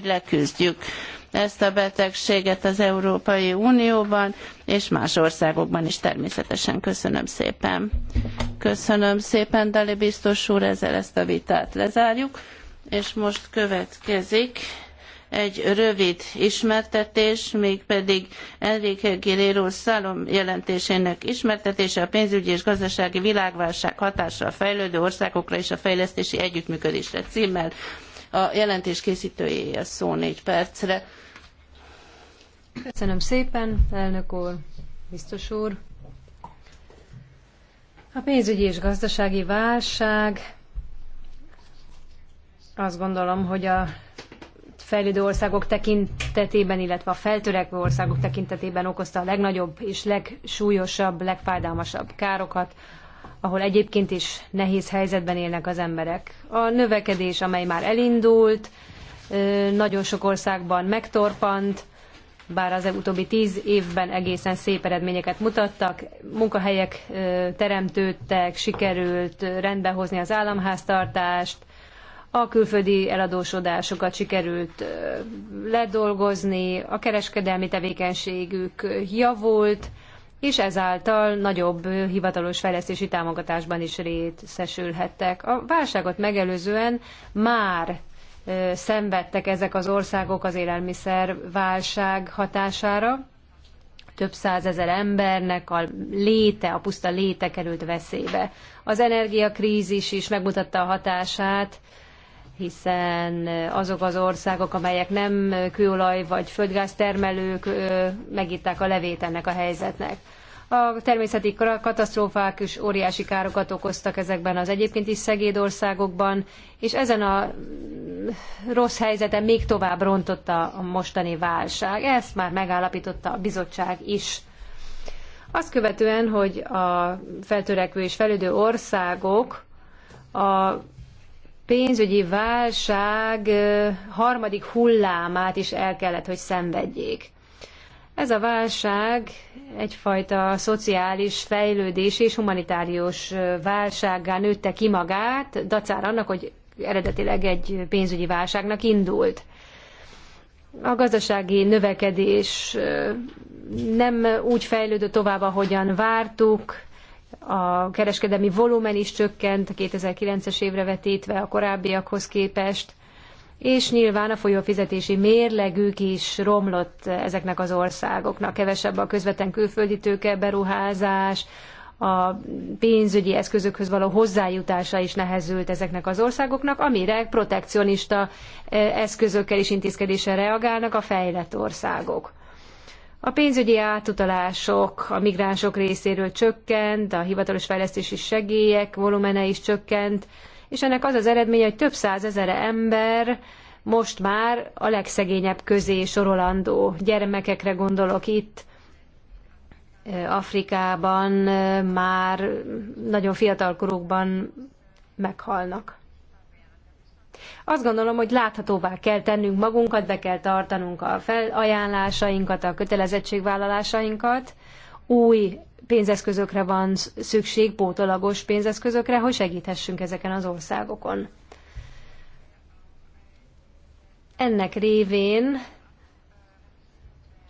hogy leküzdjük ezt a betegséget az Európai Unióban és más országokban is természetesen. Köszönöm szépen. Köszönöm szépen, Dali biztos úr, ezzel ezt a vitát lezárjuk, és most következik egy rövid ismertetés, mégpedig Enrique Guerrero Szalom jelentésének ismertetése a pénzügyi és gazdasági világválság hatása a fejlődő országokra és a fejlesztési együttműködésre címmel. A jelentés készítőjé a szó négy percre. Köszönöm szépen, elnök úr, biztos úr. A pénzügyi és gazdasági válság azt gondolom, hogy a fejlődő országok tekintetében, illetve a feltörekvő országok tekintetében okozta a legnagyobb és legsúlyosabb, legfájdalmasabb károkat ahol egyébként is nehéz helyzetben élnek az emberek. A növekedés, amely már elindult, nagyon sok országban megtorpant, bár az utóbbi tíz évben egészen szép eredményeket mutattak, munkahelyek teremtődtek, sikerült rendbehozni az államháztartást, a külföldi eladósodásokat sikerült ledolgozni, a kereskedelmi tevékenységük javult, és ezáltal nagyobb hivatalos fejlesztési támogatásban is részesülhettek. A válságot megelőzően már szenvedtek ezek az országok az élelmiszer válság hatására. Több százezer embernek a léte, a puszta léte került veszélybe. Az energiakrízis is megmutatta a hatását, hiszen azok az országok, amelyek nem kőolaj vagy földgáz termelők megitták a levét ennek a helyzetnek. A természeti katasztrófák is óriási károkat okoztak ezekben az egyébként is szegéd országokban, és ezen a mm, rossz helyzeten még tovább rontotta a mostani válság. Ezt már megállapította a bizottság is. Azt követően, hogy a feltörekvő és felüldő országok a pénzügyi válság harmadik hullámát is el kellett, hogy szenvedjék. Ez a válság egyfajta szociális fejlődés és humanitárius válsággá nőtte ki magát, dacár annak, hogy eredetileg egy pénzügyi válságnak indult. A gazdasági növekedés nem úgy fejlődött tovább, ahogyan vártuk, a kereskedelmi volumen is csökkent 2009-es évre vetítve a korábbiakhoz képest, és nyilván a folyófizetési mérlegük is romlott ezeknek az országoknak. Kevesebb a közvetlen külföldi tőke beruházás, a pénzügyi eszközökhöz való hozzájutása is nehezült ezeknek az országoknak, amire protekcionista eh, eszközökkel és intézkedéssel reagálnak a fejlett országok. A pénzügyi átutalások a migránsok részéről csökkent, a hivatalos fejlesztési segélyek volumene is csökkent, és ennek az az eredménye, hogy több százezer ember most már a legszegényebb közé sorolandó gyermekekre gondolok itt, Afrikában már nagyon fiatal korukban meghalnak. Azt gondolom, hogy láthatóvá kell tennünk magunkat, be kell tartanunk a felajánlásainkat, a kötelezettségvállalásainkat. Új pénzeszközökre van szükség, pótolagos pénzeszközökre, hogy segíthessünk ezeken az országokon. Ennek révén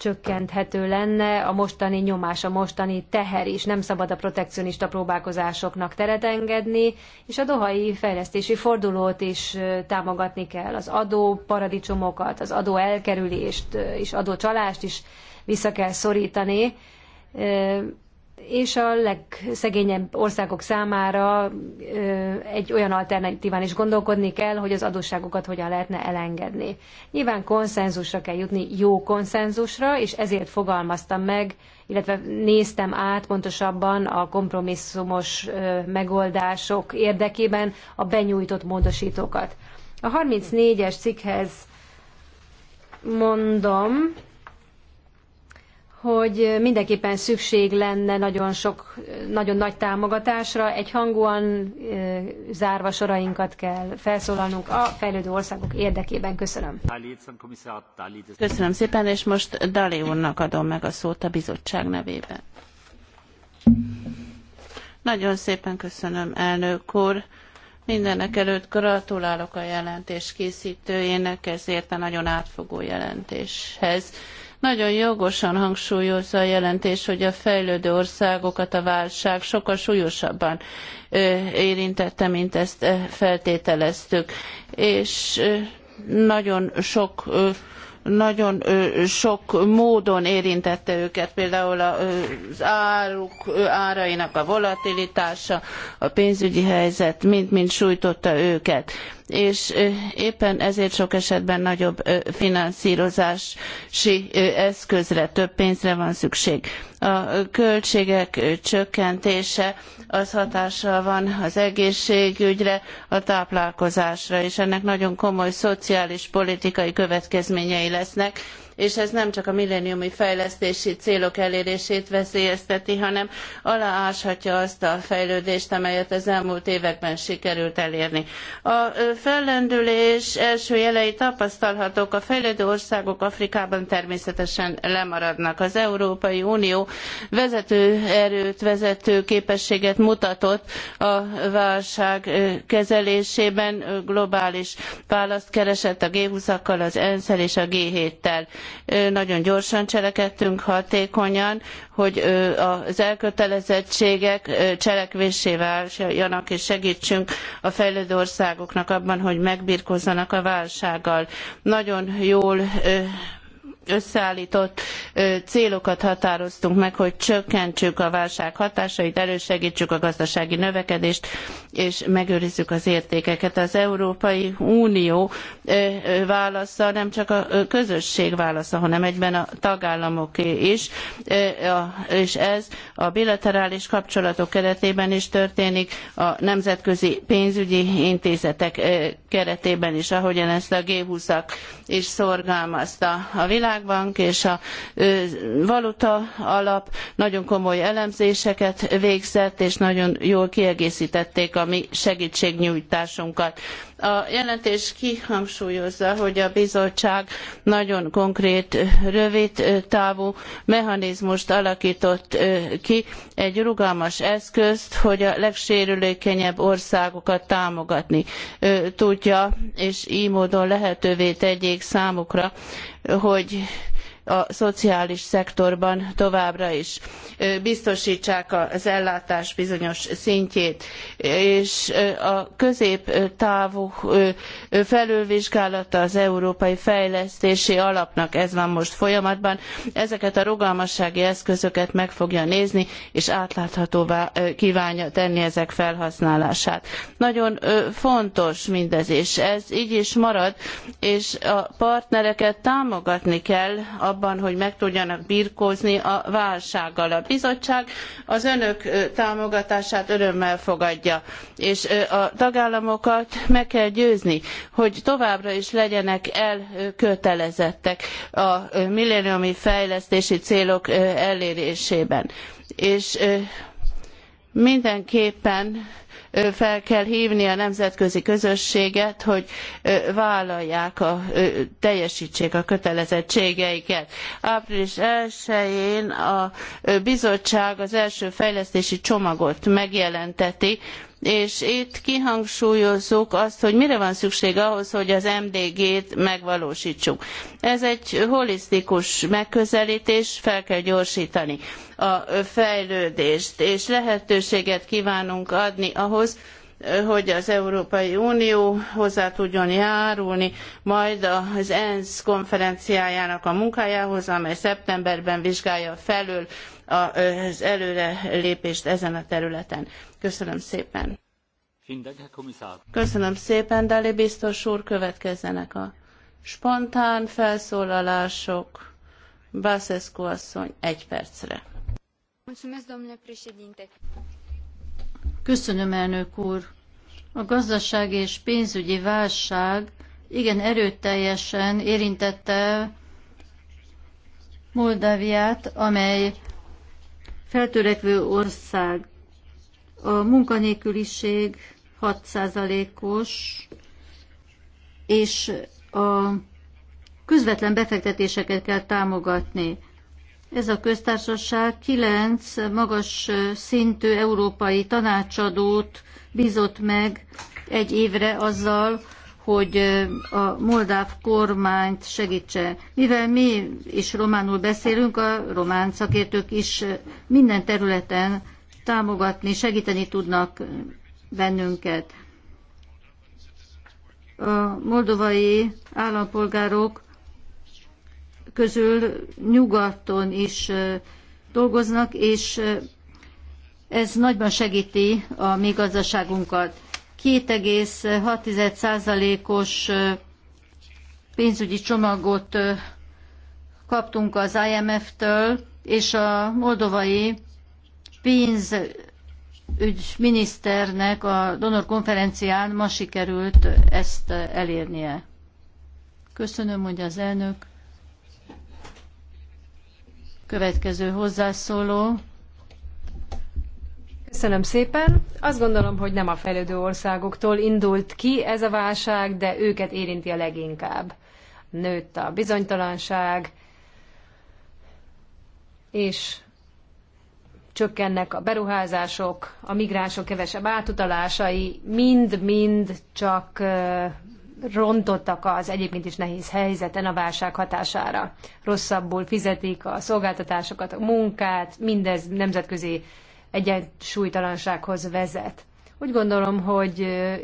csökkenthető lenne a mostani nyomás, a mostani teher is. Nem szabad a protekcionista próbálkozásoknak teret engedni, és a dohai fejlesztési fordulót is támogatni kell. Az adó paradicsomokat, az adó elkerülést és adócsalást is vissza kell szorítani és a legszegényebb országok számára egy olyan alternatíván is gondolkodni kell, hogy az adósságokat hogyan lehetne elengedni. Nyilván konszenzusra kell jutni, jó konszenzusra, és ezért fogalmaztam meg, illetve néztem át pontosabban a kompromisszumos megoldások érdekében a benyújtott módosítókat. A 34-es cikkhez mondom, hogy mindenképpen szükség lenne nagyon sok, nagyon nagy támogatásra. Egy hangúan zárva sorainkat kell felszólalnunk a fejlődő országok érdekében. Köszönöm. Köszönöm szépen, és most Dali úrnak adom meg a szót a bizottság nevében. Nagyon szépen köszönöm, elnök úr. Mindenek előtt gratulálok a jelentés készítőjének ezért a nagyon átfogó jelentéshez nagyon jogosan hangsúlyozza a jelentés, hogy a fejlődő országokat a válság sokkal súlyosabban érintette, mint ezt feltételeztük. És nagyon sok nagyon sok módon érintette őket, például az áruk árainak a volatilitása, a pénzügyi helyzet mind-mind sújtotta őket és éppen ezért sok esetben nagyobb finanszírozási eszközre, több pénzre van szükség. A költségek csökkentése az hatással van az egészségügyre, a táplálkozásra, és ennek nagyon komoly szociális politikai következményei lesznek és ez nem csak a milleniumi fejlesztési célok elérését veszélyezteti, hanem alááshatja azt a fejlődést, amelyet az elmúlt években sikerült elérni. A fellendülés első jelei tapasztalhatók, a fejlődő országok Afrikában természetesen lemaradnak. Az Európai Unió vezető erőt, vezető képességet mutatott a válság kezelésében, globális választ keresett a G20-akkal, az ENSZ-el és a G7-tel nagyon gyorsan cselekedtünk, hatékonyan, hogy az elkötelezettségek cselekvésé váljanak, és segítsünk a fejlődő országoknak abban, hogy megbirkózzanak a válsággal. Nagyon jól összeállított célokat határoztunk meg, hogy csökkentsük a válság hatásait, elősegítsük a gazdasági növekedést, és megőrizzük az értékeket. Az Európai Unió válasza nem csak a közösség válasza, hanem egyben a tagállamoké is, és ez a bilaterális kapcsolatok keretében is történik, a nemzetközi pénzügyi intézetek keretében is, ahogyan ezt a G20-ak is szorgalmazta. A világ Világbank és a Valuta Alap nagyon komoly elemzéseket végzett, és nagyon jól kiegészítették a mi segítségnyújtásunkat a jelentés kihangsúlyozza, hogy a bizottság nagyon konkrét, rövid távú mechanizmust alakított ki, egy rugalmas eszközt, hogy a legsérülékenyebb országokat támogatni tudja, és így módon lehetővé tegyék számukra, hogy a szociális szektorban továbbra is biztosítsák az ellátás bizonyos szintjét, és a középtávú felülvizsgálata az Európai Fejlesztési Alapnak, ez van most folyamatban, ezeket a rugalmassági eszközöket meg fogja nézni, és átláthatóvá kívánja tenni ezek felhasználását. Nagyon fontos mindez, és ez így is marad, és a partnereket támogatni kell a abban, hogy meg tudjanak birkózni a válsággal. A bizottság az önök támogatását örömmel fogadja, és a tagállamokat meg kell győzni, hogy továbbra is legyenek elkötelezettek a milléniumi fejlesztési célok elérésében. És mindenképpen fel kell hívni a nemzetközi közösséget, hogy vállalják, a, teljesítsék a kötelezettségeiket. Április 1-én a bizottság az első fejlesztési csomagot megjelenteti, és itt kihangsúlyozzuk azt, hogy mire van szükség ahhoz, hogy az MDG-t megvalósítsuk. Ez egy holisztikus megközelítés, fel kell gyorsítani a fejlődést, és lehetőséget kívánunk adni ahhoz, hogy az Európai Unió hozzá tudjon járulni majd az ENSZ konferenciájának a munkájához, amely szeptemberben vizsgálja felül az előrelépést ezen a területen. Köszönöm szépen. Köszönöm szépen, Dali biztos úr, következzenek a spontán felszólalások. Baszeszko asszony, egy percre. Köszönöm, elnök úr. A gazdaság és pénzügyi válság igen erőteljesen érintette Moldáviát, amely feltörekvő ország. A munkanélküliség 6%-os, és a közvetlen befektetéseket kell támogatni. Ez a köztársaság kilenc magas szintű európai tanácsadót bízott meg egy évre azzal, hogy a moldáv kormányt segítse. Mivel mi is románul beszélünk, a román szakértők is minden területen támogatni, segíteni tudnak bennünket. A moldovai állampolgárok közül nyugaton is dolgoznak, és ez nagyban segíti a mi gazdaságunkat. 2,6%-os pénzügyi csomagot kaptunk az IMF-től, és a moldovai pénzügyminiszternek a donor konferencián ma sikerült ezt elérnie. Köszönöm, mondja az elnök. Következő hozzászóló. Köszönöm szépen. Azt gondolom, hogy nem a fejlődő országoktól indult ki ez a válság, de őket érinti a leginkább. Nőtt a bizonytalanság, és csökkennek a beruházások, a migránsok kevesebb átutalásai, mind-mind csak rontottak az egyébként is nehéz helyzeten a válság hatására. Rosszabbul fizetik a szolgáltatásokat, a munkát, mindez nemzetközi egyensúlytalansághoz vezet. Úgy gondolom, hogy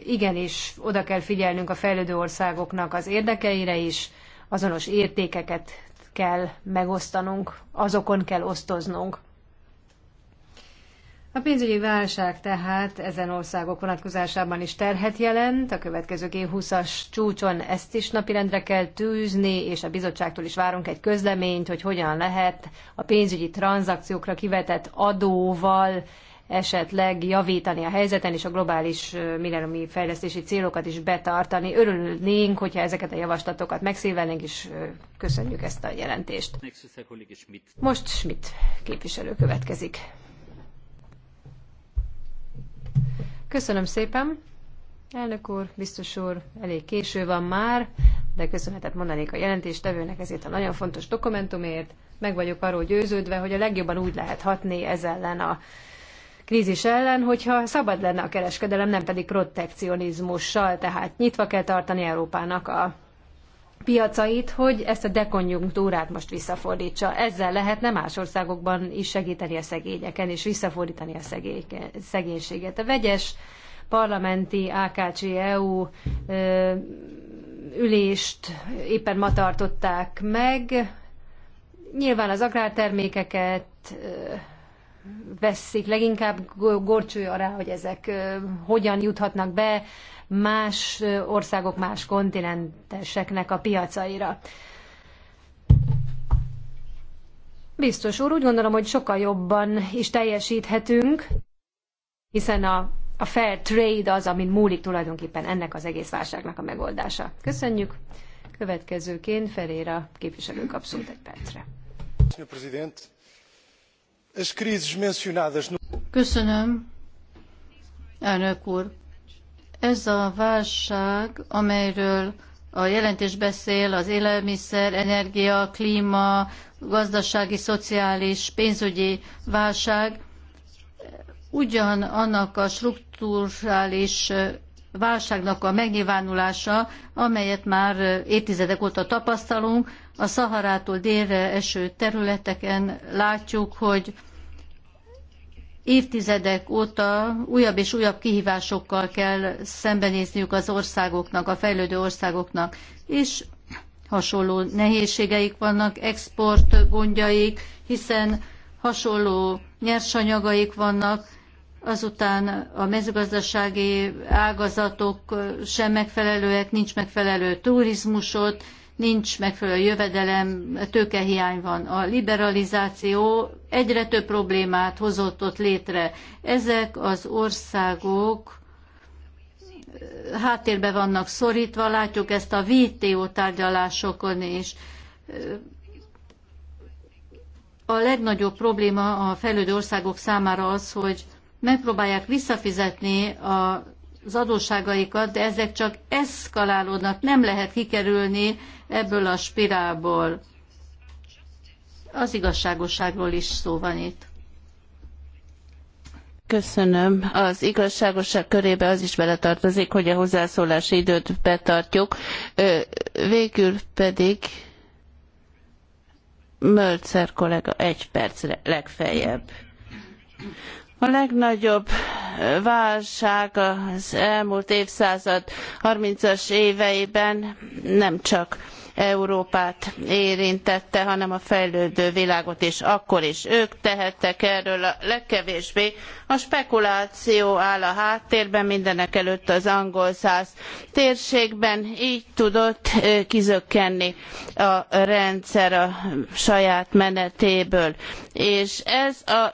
igenis oda kell figyelnünk a fejlődő országoknak az érdekeire is, azonos értékeket kell megosztanunk, azokon kell osztoznunk. A pénzügyi válság tehát ezen országok vonatkozásában is terhet jelent. A következő G20-as csúcson ezt is napirendre kell tűzni, és a bizottságtól is várunk egy közleményt, hogy hogyan lehet a pénzügyi tranzakciókra kivetett adóval esetleg javítani a helyzeten, és a globális millenniumi fejlesztési célokat is betartani. Örülnénk, hogyha ezeket a javaslatokat megszívelnénk, és köszönjük ezt a jelentést. Most Schmidt képviselő következik. Köszönöm szépen. Elnök úr, biztos úr, elég késő van már, de köszönhetet mondanék a jelentéstevőnek ezért a nagyon fontos dokumentumért. Meg vagyok arról győződve, hogy a legjobban úgy lehet hatni ez ellen a krízis ellen, hogyha szabad lenne a kereskedelem, nem pedig protekcionizmussal, tehát nyitva kell tartani Európának a piacait, hogy ezt a dekonjunktúrát most visszafordítsa. Ezzel lehetne más országokban is segíteni a szegényeken, és visszafordítani a szegénységet. A vegyes parlamenti AKC-EU ülést éppen ma tartották meg. Nyilván az agrártermékeket veszik, leginkább gorcsolja rá, hogy ezek hogyan juthatnak be más országok, más kontinenteseknek a piacaira. Biztos úr, úgy gondolom, hogy sokkal jobban is teljesíthetünk, hiszen a, a fair trade az, amin múlik tulajdonképpen ennek az egész válságnak a megoldása. Köszönjük. Következőként Ferére képviselő kapszult egy percre. Köszönöm, As crises mencionadas no... Köszönöm, elnök úr. Ez a válság, amelyről a jelentés beszél, az élelmiszer, energia, klíma, gazdasági, szociális, pénzügyi válság, ugyanannak a strukturális válságnak a megnyilvánulása, amelyet már évtizedek óta tapasztalunk. A Szaharától délre eső területeken látjuk, hogy évtizedek óta újabb és újabb kihívásokkal kell szembenézniük az országoknak, a fejlődő országoknak, és hasonló nehézségeik vannak, export gondjaik, hiszen hasonló nyersanyagaik vannak, azután a mezőgazdasági ágazatok sem megfelelőek, nincs megfelelő turizmusot, nincs megfelelő jövedelem, tőkehiány van. A liberalizáció egyre több problémát hozott ott létre. Ezek az országok háttérbe vannak szorítva, látjuk ezt a VTO tárgyalásokon is. A legnagyobb probléma a fejlődő országok számára az, hogy megpróbálják visszafizetni az adósságaikat, de ezek csak eszkalálódnak, nem lehet kikerülni ebből a spirálból. Az igazságosságról is szó van itt. Köszönöm. Az igazságosság körébe az is beletartozik, hogy a hozzászólási időt betartjuk. Végül pedig Mölcer kollega egy percre legfeljebb. A legnagyobb válság az elmúlt évszázad 30-as éveiben nem csak Európát érintette, hanem a fejlődő világot is. Akkor is ők tehettek erről a legkevésbé. A spekuláció áll a háttérben, mindenekelőtt az angol száz térségben, így tudott kizökkenni a rendszer a saját menetéből. És ez a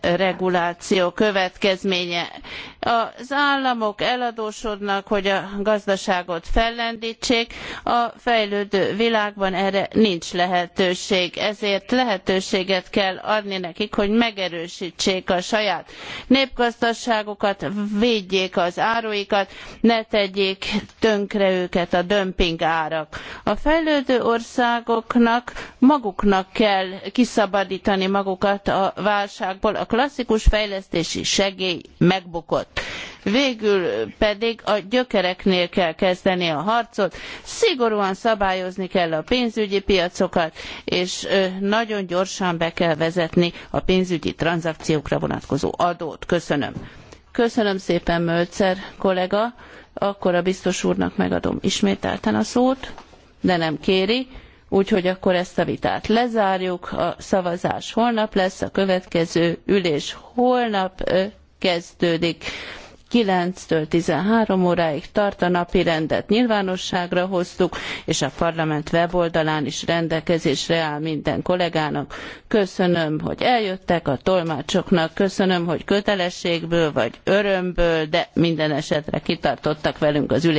dereguláció következménye. Az államok eladósodnak, hogy a gazdaságot fellendtsék a fejlődő világban erre nincs lehetőség, ezért lehetőséget kell adni nekik, hogy megerősítsék a saját népgazdaságukat, védjék az áruikat, ne tegyék tönkre őket a dömping árak. A fejlődő országoknak maguknak kell kiszabadítani magukat a válságból. A klasszikus fejlesztési segély megbukott. Végül pedig a gyökereknél kell kezdeni a harcot, szigorúan szabályozni kell a pénzügyi piacokat, és nagyon gyorsan be kell vezetni a pénzügyi tranzakciókra vonatkozó adót. Köszönöm. Köszönöm szépen, Mölcer kollega. Akkor a biztos úrnak megadom ismételten a szót, de nem kéri. Úgyhogy akkor ezt a vitát lezárjuk. A szavazás holnap lesz, a következő ülés holnap kezdődik. 9-től 13 óráig tart a napi rendet. Nyilvánosságra hoztuk, és a parlament weboldalán is rendelkezésre áll minden kollégának. Köszönöm, hogy eljöttek a tolmácsoknak, köszönöm, hogy kötelességből vagy örömből, de minden esetre kitartottak velünk az ülés.